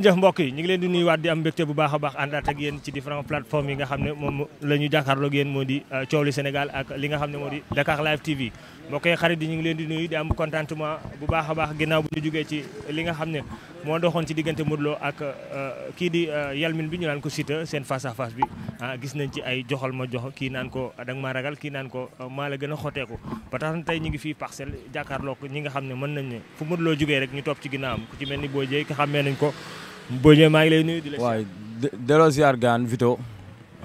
jëf mbokk yi ñu ngi leen di nuyuwaat di am mbégte bu baax a baax àndaat ak yéen ci différentes plateformes yi nga xam ne moom la ñu jàkkaarloog moo di euh, coow li Sénégal ak li nga xam ne moo di Dakar ñu ngi leen di nuyu di am bu baax a baax ginnaaw bu ñu li nga xam ne moo doxoon ci diggante Modou Lo ak euh, kii di euh, Yalmin bi ñu naan ko Siteu seen face à face bi ah gis nañ ci ay joxal ma jox kii naan ko da nga maa ragal kii naan ko maa la gën a xoteeku ba tax na tey ñu ngi fii parcelle jàkkaarloog ñi nga xam ne mën nañ ne fu Modou Lo jugee rek ñu topp ci ginnaawam ku mel ni Boy Dieye ki nañ ko boo ñëwee maa ngi lay nuyu di la. waaw delloo ziar gaan Vito.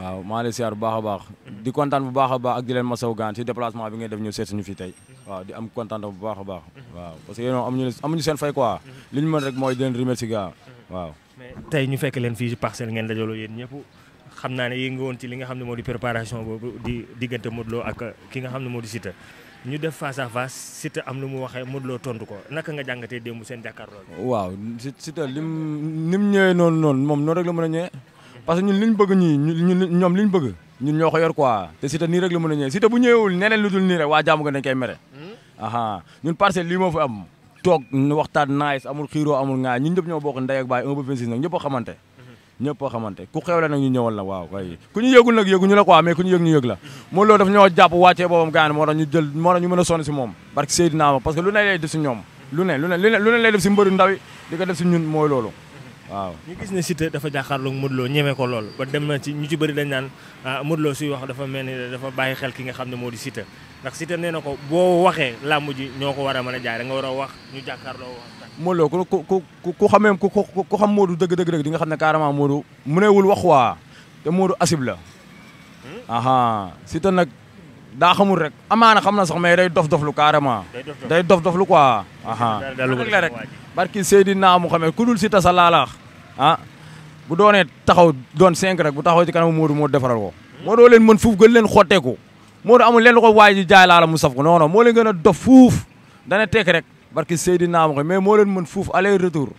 waaw maa ngi lay bu baax a baax. Hmm. di kontaan bu baax a baax ak di leen masaw gaan ci déplacement bi ngay def ñu seet suñu fii tey. Hmm. waaw di am kontaan bu baax a baax. Hmm. waaw parce que yéen seen fay quoi. li ñu mën rek mooy di leen remercier gaa waaw. mais tey ñu fekk leen fii ci parcelle ngeen dajaloo yéen ñëpp. xam naa ne yéen nga woon ci li nga xam ne moo di préparation boobu di diggante Modou Lo ak ki nga xam ne moo di Siteu ñu def face à face am lu mu waxee Modou Lo tontu ko naka nga jàngatee démb seen jàkkaarloo. waaw Siteu lim nim ñëwee noonu noon moom noonu rek la mën a ñëwee parce que ñun liñ bëgg ñii ñun ñoom liñ bëgg ñun ñoo ko yor quoi te Siteu nii rek la mën a ñëwee Siteu bu ñëwewul neneen lu dul nii rek waa jàmm nga dañ koy mere. Hmm? aha ñun parcelle lii moo fi am toog waxtaan naaj amul xiiroo amul ŋaay ñun ñëpp ñoo bokk xamante. ñëpp a xamante ku xewle nag ñu ñëwal la waaw ku ñu yëgul nag yëguñu la quoi mais ku ñu yëg ñu yëg la moo loolu daf ñoo jàpp wàccee boobam gars moo tax ñu jël moo tax ñu mën a sonn si moom barke Seydina ma parce que lu ne lay ñoom lu ne lu ne lu ne si mbëru ndaw yi di si ñun mooy loolu waaw ñu gis ne Siteu dafa jàkkaarloog Modou Lo ñeme ko lool ba dem na ci ñu ci bëri dañ naan ah Modou Lo suy wax dafa mel ni dafa bàyyi xel ki nga xam ne moo di Siteu na boo waxee làmb ji ñoo ko war a mën a jaay da nga war a wax ñu jàkkaarloo wax. Modou Lo ku ku ku ku xamee ku ku xam Modou dëgg dëgg dëgg di xam ne carrément Modou mënewul wax waa te Modou asib la. Hmm? aha Siteu nag daa xamul rek amaana xam na sax mais day dof doflu carrément. day dof doflu quoi. aha rek barki Seydina Muhammad ku dul Siteu sa laalax ah bu doonee taxaw doon 5 rek bu taxaw ci kanam Modou moo defaral ko moo doo leen mën fuuf gën leen xotteeku Modou amul leen lu ko waay ji jaay laa mu saf ko non non moo leen gën a dof fuuf dana tekk rek barki Seydina ma ko mais moo leen mën fuuf aller retour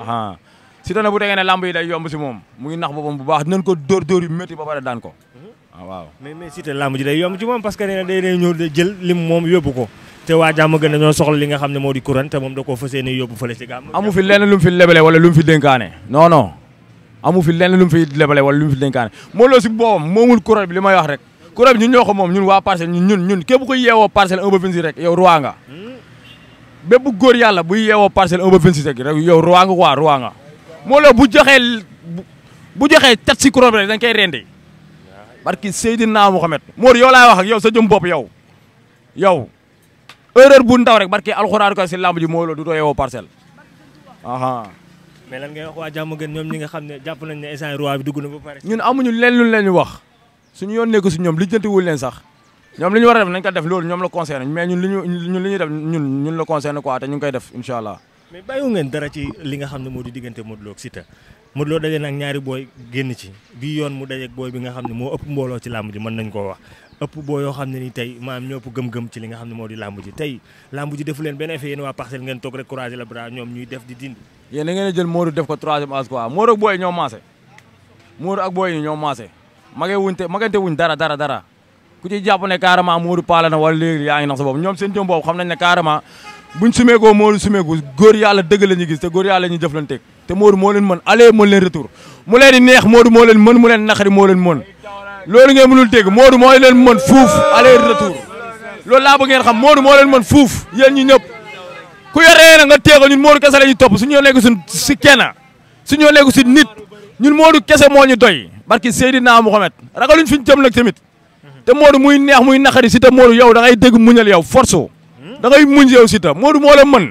aa bu tegee ne lamb yi day yomb si moom mu ngi nax boppam bu baax dinañ ko dóor dóor yu métti ba pare daan ko mhm. ah, waaw mais mais Siteu ji day yomb ci moom parce que nee na day ñëw jël lim moom yóbbu ko te waa jàmm gën dañoo soxla li nga xam ne moo di courant te moom da koo fas yéene yóbbu fële ci amu fi lenn lu fi lebale wala lu fi dénkaane non non amu fi lenn lu mu fi lebale wala lu mu fi dénkaane moo loo si boobam moomul courant bi li may wax rek courant bi ñun ñoo moom ñun waa parcelle ñun ñun ke képp ku yeewoo parcelle 1 ba 26 rek yow roi nga hmm? bépp góor yàlla bu yeewoo parcelle 1 ba 26 rek rek yow roi nga quoi roi bu joxee bu joxee tat si courant bi rek dañ koy rendi barki Seydina Mouhamed Mor yow laay wax ak yow sa jëm bopp yow erreur bu ndaw rek barke alxuraan ko si lamb ji moo la du doy woo parcelle. mais lan ngay wax waa jàmm gën ñoom ñi nga xam ne jàpp nañ ne instant roi bi dugg na ba pare. ñun amuñu leen lu leen wax suñu yoon nekk si ñoom lijjanti wul leen sax ñoom li ñu war a def nañ ko def loolu ñoom la concerné mais ñun li ñu ñun li ñuy def ñun ñun la concerné quoi te ñu ngi koy def incha allah. mais bàyyiwu ngeen dara ci li nga xam ne moo di diggante Modou Lo ak Siteu ñaari booy génn ci bii yoon mu dajeeg booy bi nga xam ne moo ëpp mbooloo ci làmb ji mën nañ koo wax ëpp boo yoo xam ne ni tey maanaam ñoo gëm-gëm ci li xam ne moo di tey làmb ji defu leen benn waa parcelle ngeen toog rek la bras ñoom ñuy def di dindi yéen da ngeen a jël Modou def ko troisième âge quoi Modou ak booy ñoo maase Modou ak booy ñoo maase magee wuñ te magante wuñ dara dara dara ku ci ne carrément Modou paala na wala léegi yaa ngi nax sa ñoom seen jëm boobu xam nañ ne carrément mu leen di neex Modou moo leen mën mu leen loolu ngeen mënul dégg Modou moo leen mën fuuf aller retour loolu laa bëgg ngeen xam Modou moo leen man fuuf yéen ñi ñëpp ku yoree na nga teego ñun Modou kese la ñuy topp suñu nekk suñ si kenn suñu nekk si nit ñun Modou kese moo ñu doy barki Seydina Mouhamed ragaluñ fi ñu jëm nag tamit te Modou muy neex muy naqari si te Modou yow da ngay dégg muñal yow force da ngay muñ yow si ta Modou moo la mën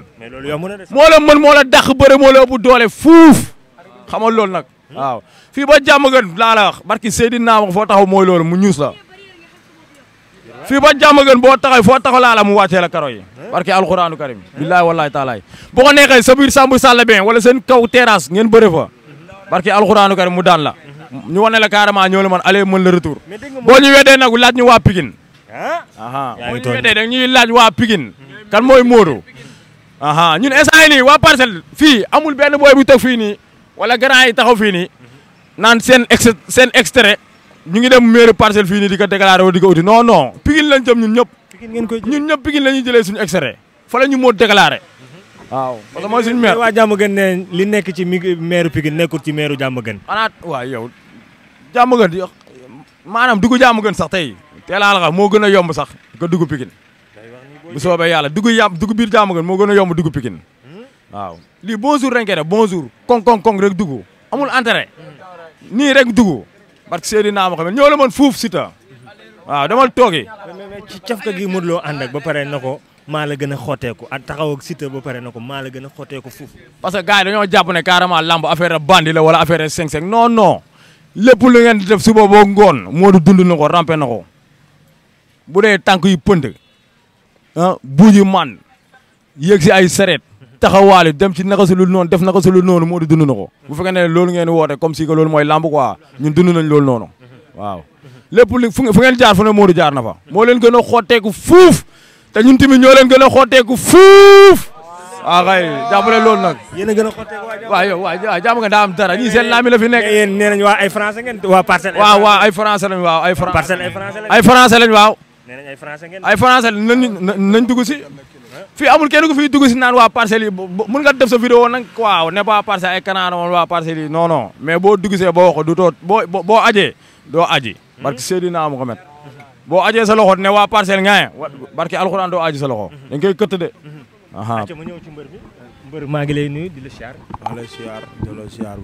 moo la mën moo la dàq bëre moo la ëpp doole fuuf xamal loolu nag waaw fii ba jàmm gën laa la wax barki Seydina taxaw mooy lool mu ñuus la fii ba jàmm gën boo taxaw foo taxaw laala mu wàccee la karo yi barki alxuraanu karim billaahi wallaahi taalaay boo ko neexee sa biir Sambou Sall bien wala seen kaw terrasse ngeen bëre fa barki alxuraanu karim mu daan la ñu wane la carrément ñoo la man aller mën le retour boo ñu weddee nag laaj ñu waa Pikine ah? aa laaj waa Pikine kan mooy Modou aha ñun instant yi nii waa parcelle fii amul benn booy bu toog fii nii wala grand yi taxaw fii nii naan seen ex seen extrait ñu ngi dem mairie parcelle fii nii di ko déclaré di ko uti non non Pikine lañ jëm ñun ñëpp. koy ñun ñëpp Pikine la ñuy jëlee suñu extrait fa la ñu moo déclaré. waaw parce que mooy suñu maire. waa Diamaguène ne li nekk ci maire Pikine nekkul ci maire Diamaguène. xanaa waaw yow Diamaguène maanaam dugg Diamaguène sax tey teelaa la moo gën a yomb sax nga dugg Pikine bu soobee yàlla dugg yàmm dugu biir Diamaguène moo gën a yomb dugg Pikine hmm? waaw lii bonjour rek bonjour kong kong kong rek dugg amul intérêt hmm. nii rek dugg barke Seydina Mohamed ñoo la mën fuuf Siteu waaw dama toogi. ci cafka gi Modou Lo ànd ba pare na ko maa la gën a xotteeku ak taxaw ak ba pare na ko maa la gën a xotteeku fuuf. parce que gars yi dañoo jàpp ne carrément lamb affaire bandi la wala affaire cinq-cinq non non lépp lu ngeen di suba boo ngoon Modou dund na rampe na ko bu dee tànk yu pënd ah buuji ay sareet. taxawaali dem ci naka su lul noonu def naka su lul noonu moo di ko bu fekkee ne loolu ngeen woote comme si que loolu mooy jaar fu ne Modou jaar na a fuuf te ñun tamit ñoo leen gën a fuuf waaw kay jàppale nag yéen a gën a xotteeku waaw yow waaw jàmm waaw ay français lañ waaw ay français lañ waaw ay français fii amul kenn ku fi dugg si naan waa parcelles yi mun nga def sa vidéo nag waaw ne pas parcelles waa parcelles yi non non mais boo dugg see boo waxoo du too boo boo ajee doo aji. barke Seydina Muhammad boo ajee sa loxo ne waa parcelle ngaaye barke alxuraan doo aji sa loxo. dañ koy këtt de. ah ma ñëw ci mbër mbër maa ngi lay nuyu di la siyaar. maa la siyaar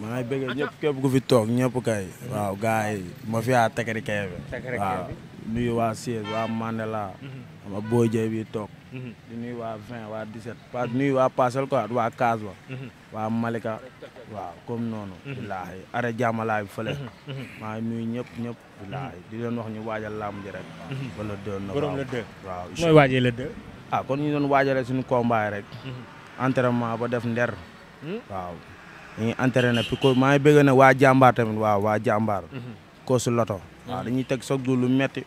maa ngi bëgg ñëpp képp ku fi toog ñëpp kay. a tekari ma booy jay bi toog. Mm-hmm. di nuyu waa 20 waa 17. waa nuyu waa Parcelles quoi waa Kaas ba. Mm-hmm. waa Malika waaw comme noonu. Mm-hmm. billaahi are jàmmalaay bi fële. maa ngi ñëpp ñëpp. billaahi di leen wax ñu waajal làmb ji rek. ba le 2 novembre borom le 2. waaw mooy waajee le 2. ah kon ñu doon waajalee ba def nder. Hmm? waaw ñu ngi entraîné puis ko maa ngi bëgg na waa jàmbaar tamit waaw waa jàmbaar. koosu loto. waaw dañuy teg soog du lu metti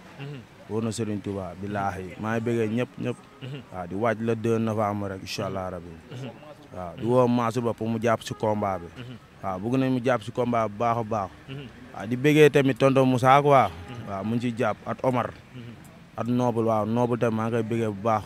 wóor na Serigne Touba billaahi maa ngi bëggee ñëpp ñëpp. Mm-hmm. waaw di waaj la 2 novembre rek incha allah rabi. Mm-hmm. di woo Mansour Ba pour mu jàpp si combat bi. Mm-hmm. waaw mu jàpp si combat bu baax a baax. waaw di bëggee tamit tonton Moussa quoi. waaw mu ngi at Omar. at Noble waaw Noble tamit maa ngi koy bu baax.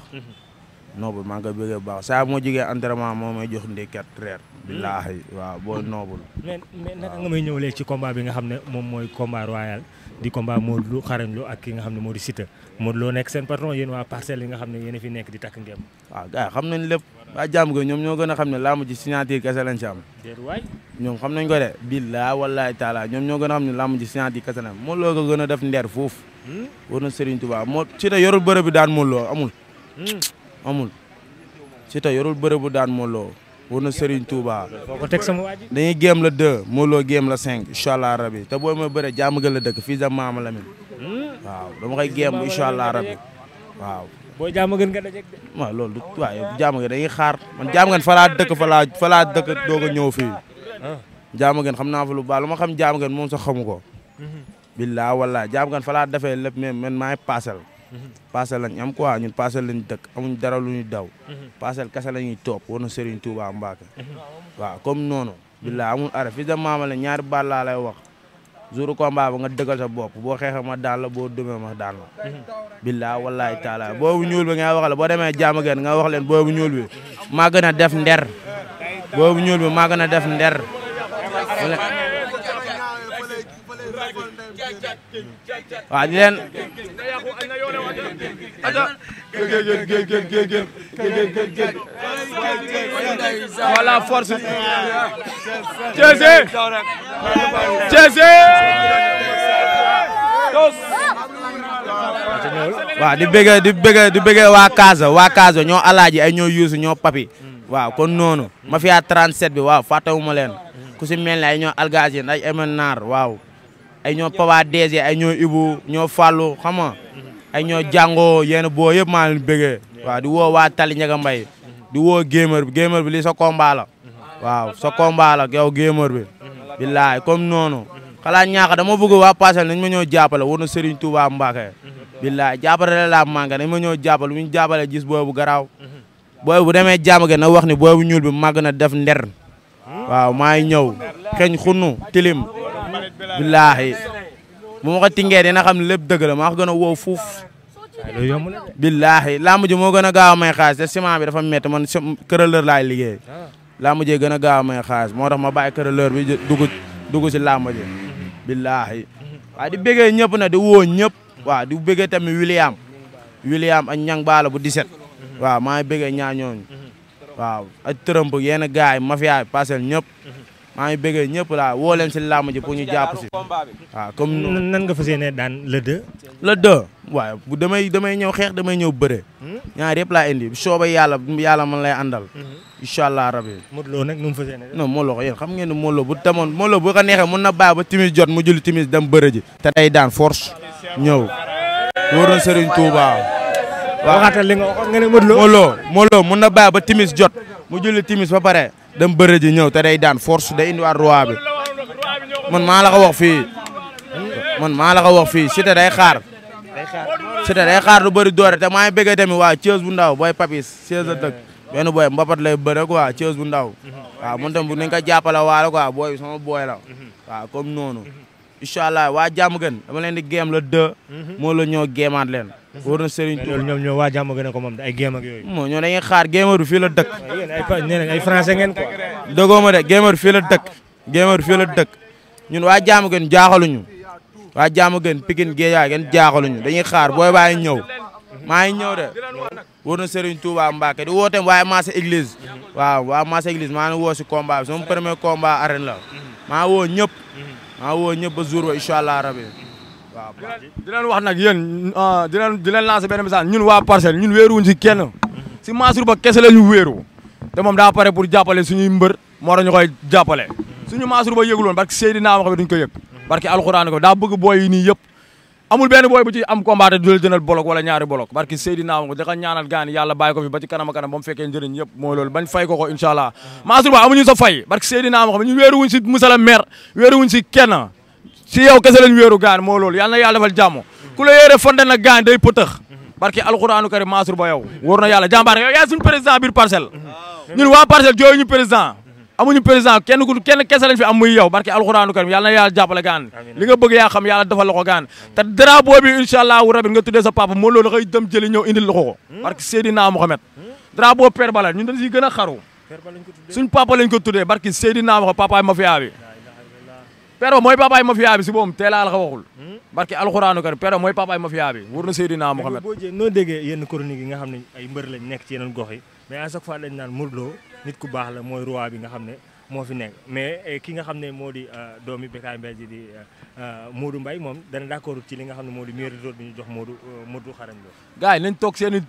Noble maa ngi koy bu baax saa bu ma jigee entraînement moo may jox ndeket reer. billaahi waaw bo noobul. mais mais naka nga may ñëwalee ci combat bi nga xam ne moom mooy combat royal di combat Modou Lo Xarañ Lo ak ki nga xam ne moo di moo Modou Lo nekk seen patron yéen waa parcelle yi nga xam ne yéen a fi nekk di takk ngeen. waaw ñoom ñoo a xam ne làmb ji signature kese lañ ci am. déet waay ñoom xam nañ ko de. billaa walaay ñoo gën a ne làmb ji signature kese lañ am Modou Lo ko gën a def ndeer foofu. Hmm? war na Serigne Touba moo Siteu yorul bërëb bi daan Modou Lo amul. Hmm? amul Siteu yorul bërëb war na Serigne Touba. teg sama waa ji. dañuy géem la 2 Mawlo géem la 5 incha allah rabi te booy ma bëre jàmm gën la dëkk fii sa maama Lamine waaw dama koy géem incha allah rabi waaw. boo jàmm gën nga dajeeg du waaye jàmm gën dañuy xaar man jàmm falaa fa laa dëkk fa laa ñëw fii. jàmm gën xam naa falu lu baax lu xam jàmm gën moom sax xamu ko. Mhm. billaa wallaa jàmm gën fa laa maay paasal. parcelle lañ am quoi ñun parcelle lañ dëkk amuñ dara lu ñu daw parcelle kese la ñuy toog war na Serigne Touba Mbacke waaw comme noonu billaa amul ara fi da maama la ñaari baal laa lay wax jour combat ba nga dëggal sa bopp boo xeexa ma daan la boo dëmee ma daan la billaa wallaay taala boobu ñuul bi nga wax la boo demee jàmm ngeen nga wax leen boobu ñuul bi maa gën a def nder boobu ñuul bi maa gën a def nder waaw di leen voilà force. Thiès. Thiès. waaw di bëggee di bëggee di bëggee waa Kaasa waa Kaasa ñoo alaaji ay ñoo yuusu ñoo papi waaw kon noonu. mafia 37 bi waaw fàttewuma leen. ku si mel ne ay ñoo algazine ay MNR waaw. ay ñoo Papa DG ay ñoo Ibu ñoo Fallou xam ay ñoo jàngoo yéen boo yëpp maa leen bëggee waaw di woo waa Tali Ndiaga Mbaye mm-hmm. di woo gamer bi gamer bi lii sa combat la mm-hmm. waaw sa combat la yow gamer bi mm-hmm. billaay comme noonu xalaa ñaax dama bëgg waa Parcelles nañ ma ñëw jàppale war na Serigne Touba Mbacke billaay jàppale la manqué nañ ma ñëw jàppale bu hmm? maa ngi ñëw xeñ tilim billaahi bu ma ko tingee dina xam lépp la maa ko gën a wow fuuf. loolu yomb na de. billaahi làmb ji moo gën a gaaw a may xaalis te ciment bi dafa métti man kërëleur laay liggéey. Ah. làmb ji gën a gaaw a may xaalis moo tax ma bàyyi kërëleur bi dugg dugg si làmb ji. billaahi waaw di bëggee ñëpp na di woo ñëpp. di bëggee tamit William. William ak baala bu 17. maa ngi bëggee ñaa ñooñu. Mm-hmm. waaw ak Trump yenn gars yi maa ngi bëggee ñëpp la woo leen si làmb ji pour ñu jàpp si waaw comme. nan nga fas daan le deux. le bu damay damay ñëw xeex damay ñëw bëre. Hmm? ñaar yëpp laa indi soobee yàlla yàlla man lay àndal. Hmm? incha allah rabi. Modou Lo nag mu fas xam ngeen ne Modou Lo bu tamoon Modou Lo mun na bàyyi ba timis jot mu julli timis dem bëre ji. te day daan force ñëw. wóor na Serigne Touba. waaw waxaatal li nga waxoon nga ne Modou Lo. Modou Lo mun na bàyyi ba timis jot mu julli timis ba pare. dem bëre ji ñëw te day daan force day indiwaat roi maa la ko fii man maa la ko fii Siteu day xaar. day xaar Siteu day xaar lu bëri doore te maa ngi bëggee tamit waa Thiès bu ndaw booy Papis Thiès la dëkk. benn booy mbapat lay bëre quoi Thiès bu ndaw. waaw man tam bu nañ ko jàppale waale quoi booy bi sama booy la. waaw comme noonu. incha allah waa jàmm gën dama leen di géem la deux. Mhm. moo la ñoo géemaat leen. Mhm. wóor na Serigne Touba ñoom ñoo waa jàmm gën a ko moom ay géem ak dañuy xaar géemaru fii la dëkk. ay ay français ngeen quoi. dëggoo ma de géemaru fii la dëkk. la dëkk ñun waa jàmm gën jaaxaluñu waa na Serigne Touba Mbacke di woote waaye Massa église. Mhm. waaw waa Massa église maa ngi woo si combat bi sama premier maa woo ñëpp ba jour ba incha allah rabi waaw. di leen wax nag yéen ah, di leen di leen lancer benn message ñun waa parcelle ñun wéeruwuñ si kenn si Mansour Ba kese la ñu wéeru moom daa pare pour jàppale suñuy mbër moo tax ñu koy jàppale. suñu Mansour Ba yëgul woon parce que Seydina wax bi duñ ko yëg. parce que alxuraan ko daa bëgg booy yi nii yëpp. amul benn booy bu ci am combat te dul dënal bolok wala ñaari bolok barki Seydina ko dafa ñaanal gaani yàlla bàyyi ko fi ba ci kanam a kanam ba mu fekkee bañ fay ko ko incha allah Mansour Ba amuñu sa fay barki Seydina ko ñu wéeru wuñ si musala maire wéeru wuñ si kenn si yow kese lañ wéeru gaan moo loolu yàlla na yàlla defal jàmm ku la yéere pëtëx barki alxuraanu karim Mansour Ba yow wóor na yàlla jàmbaar yow yaay amuñu président kenn ku kenn kese lañ fi am muy yow barke alxuraanu karim yàlla na yàlla jàppale gaan li nga bëgg yaa xam yàlla dafa la ko gaan te drapeau bi incha allahu nga tuddee sa papa moo loolu xëy dem jëli ñëw indil la ko ko hmm? barke Seydina Mohamed hmm? drapeau Père Bala ñun dañ siy gën a xaru suñ papa lañ ko tuddee barke Seydina Mohamed papaay mafia bi Père Ba mooy papaay mafia bi si boobu teelaa la ko waxul hmm? barke alxuraanu karim Père Ba mooy papaay mafia bi wóor na Seydina Mohamed boo jee noo déggee yenn chronique yi nga xam ne ay mbër lañ nekk ci yeneen gox yi mais à chaque fois dañ naan Modou Lo nit ku baax la mooy roi bi nga xam ne moo fi nekk mais eh, ki nga xam ne moo di euh, doomi Bécaye Mbaye ji di euh, euh, Modou Mbaye moom dana d'accord ci li nga xam ne moo di mérite bi ñu jox Modou Modou xarañ Lo gars yi nañ toog seen i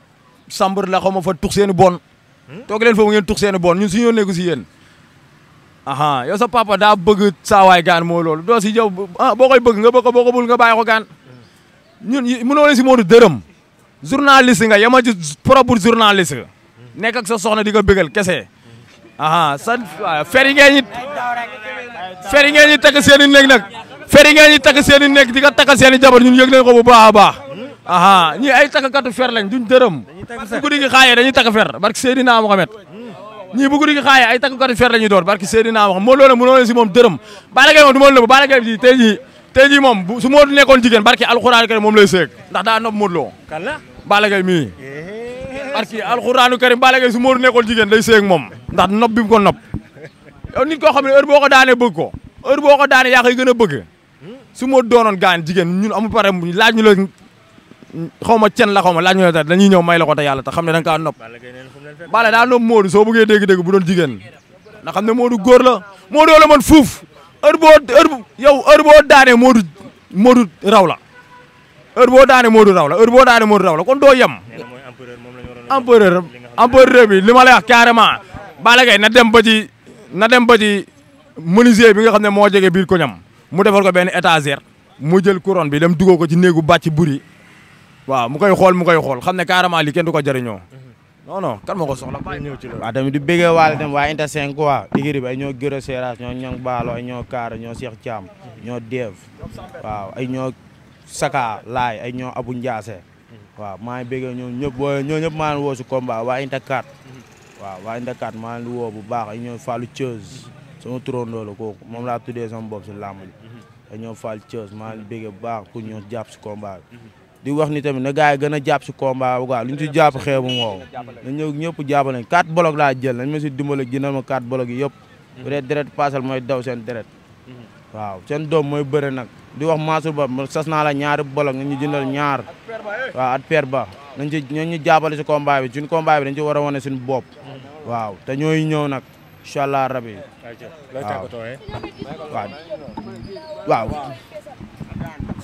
sambar la xaw ma fa tux seen bon hmm? toog leen foofu ngeen tux seen i bon ñun suñu nekku si yéen aha yow sa papa daa bëgg saawaay gaan moo loolu doo si jaw ah, boo koy bëgg nga bëgg boo ko bul nga bàyyi ko gaan hmm. ñun mënoo leen si Modou dërëm journaliste nga yama ci propre journaliste nekk ak sa soxna di ko bégal kese. aha san fer yi ngeen ñi fer yi ngeen ñi takk seen i nekk nag fer yi ngeen ñi takk seen i nekk di ko takk seen i jabar ko baax a baax. aha ñii ay takkatu fer lañ duñ dërëm. bu guddi gi xaayee dañuy takk fer barki Seydina Mohamed. ñii bu guddi gi xaayee ay takkatu fer lañuy doon barki Seydina Mohamed moo loolu mënoo leen si moom dërëm. Balla Gaye moom du ma la nëbb Balla Gaye ji tey jii moom su moo nekkoon jigéen barki alxuraan kay moom lay seeg ndax daa nopp Modou Lo. kan barki alxuraanu karim Balla Gaye su Modou nekkoon jigéen day seeg moom ndax nopp bi mu ko nopp yow nit koo xam ne heure boo ko daanee bëgg ko heure boo ko daanee yaa koy gën a bëgg su Modou doonoon gaan jigéen ñun amu pare laaj ñu la xaw ma cen la xaw ma laaj ñu la tax dañuy ñëw may la ko te yàlla te xam ne da nga kaa nopp Balla daa nopp Modou soo bëggee dégg-dégg bu doon xam ne Modou góor la Modou la man fuuf boo heure yow heure boo daanee Modou Modou raw la heure boo daanee Modou raw la heure boo daanee Modou raw la kon doo yem empereur empereur bi li ma lay wax carrément Balla Gaye na dem ba ci na dem ba ci menuisier bi nga xam ne moo jege biir ko ñam mu defal ko benn étagère mu jël couronne bi dem duggoo ko ci néegu bàcc buri waaw mu koy xool mu koy xool xam ne carrément li du ko jëriñoo non non kan moo ko soxla di bëggee waale dem waa inte cinq quoi digiri bi ay ñoo gërë séerage ñoo ñang baalo ay ñoo kaara ñoo Cheikh Thiam ñoo deev waaw ay ñoo saka laay waaw maa ngi bëggee ñoom ñoo ñëpp maa ngi woo si combat waa Inta 4 mhm. waaw waa Inta maa ngi lu woo bu baax ak ñoom Fallou Thieuze sama turandoo la kooku moom laa tuddee sama bopp si làmb ji mhm. ak ñoom Fallou maa ngi bëggee bu baax pour ñoo jàpp si combat bi mhm. di wax ni tamit na gars gan gën a jàpp si combat bi quoi lu ñu si jàpp xeebu ngoow na ñëpp jàppale quatre blocs laa jël nañ ma dimbal dimbale na ma quatre blocs yi yëpp bu dee deret paasal mooy daw seen deret waaw seen doom mooy bëre nag di wax Mansour Ba sas naa la ñaari bolok nga ñu jëndal ñaar waaw at per ba nañ ci ñoo ñu jàppale si combat bi suñu combat bi dañ ci war a wane suñu bopp waaw te ñooy ñëw nag incha allah rabi waaw waaw waaw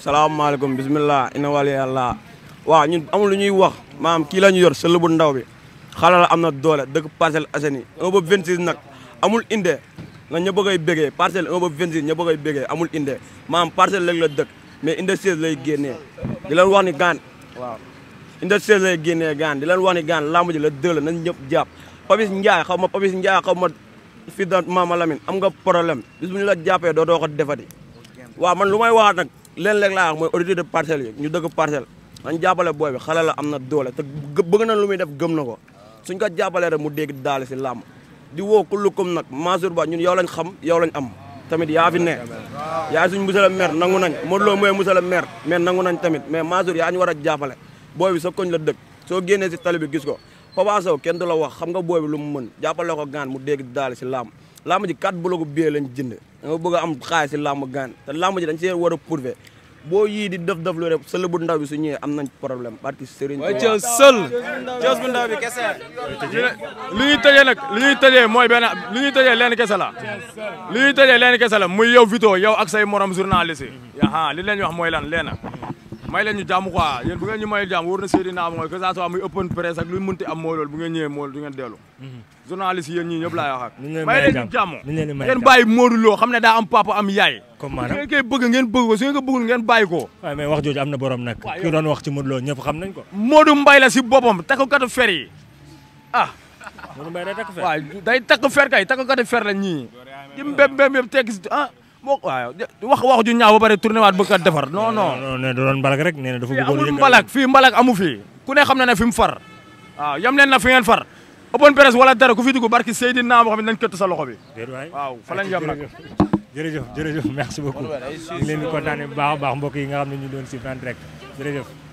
salaamaaleykum ina wali yàlla waaw ñun amul lu ñuy wax maam kii la ñu yor sël bu ndaw bi xala la am na doole dëkk Parcelles Assainies 1 ba 26 nag amul inde nga ña bëgg ay bégee parcelle 1 ba 26 ña bëgg ay bégee amul inde maam parcelle léegi la dëkk mais inde 16 lay génnee di leen wax ni gaan waaw inde 16 lay génnee gaan di leen wax ni gaan lamb la dël nañ ñëpp jàpp Papis Ndiaye xaw ma Papis Ndiaye xaw ma fii da ma Lamine am ga problème bis bu la jàppee doo doo ko defati waaw man lu may waxaat nag leen léeg laa wax mooy autorité de parcelle yi ñu dëkk parcelle nañ jàppale booy bi xale la am na doole te bëgg na lu muy def gëm na ko suñ ko jàppalee mu dégg daal si làmb di woo kullukum nag Mansour Ba ñun yow lañ xam yow lañ am tamit yaa fi ne yaay suñ monsieur nangu nañ Modou Lo mooy monsieur le maire mais nangu nañ tamit mais Mansour yaa ñu war a jàppale booy bi sa la dëkk soo génnee si tali bi gis ko Papa Sow kenn du la wax xam nga booy lu mu mën jàppale ko gaan mu dégg daal si laam laama ji quatre blogu biyee lañ jënd da nga bëgg a am xaalis si laama gaan te laama ji dañ see war a prouver boo yii di def def lu sël bu ndaw bi su ñëwee am nañ problème barki sëriñ waaye ca sël cës bu ndaw bi kese li ñuy tëjee nag li ñuy tëjee mooy benn li ñuy tëjee leen kese la li ñuy tëjee leen kese la muy yow Vito yow ak say morom journaliste yi li leen wax mooy lan leena may leen ñu jàmm quoi yéen bu ngeen ñu may jàmm wóor na Seydina mooy que ça soit muy open press lu mënti am mooy loolu bu ngeen ñëwee mooy du ngeen dellu mhm. journaliste yéen ñii ñëpp laay wax ak may leen Lo xam ne daa am papa am yaay comme ngeen koy bëgg ngeen bëgg ko su ngeen ko bëggul ngeen bàyyi ko waaw mais wax jooju am na borom nag ki doon ci Modou Lo ñëpp xam nañ ko Modou la si boppam takkatu fer yi ah Modou Mbaye fer waaw day takk fer la ñii moo wax wax ju ñaaw ba pare tourné waat bëgg a defar non non. non non da doon mbalak rek nee na dafa bëggoon amul mbalak fii mbalak amu fi ku ne xam na ne fi mu far waaw yam leen na fi ngeen far open presse wala dara ku fi dugg barki Seydina boo xam ne nañ këtt sa loxo bi. waaw fa lañ yam nag. jërëjëf jërëjëf merci beaucoup ñu ngi baax baax mbokk yi nga xam ne ñu doon si en direct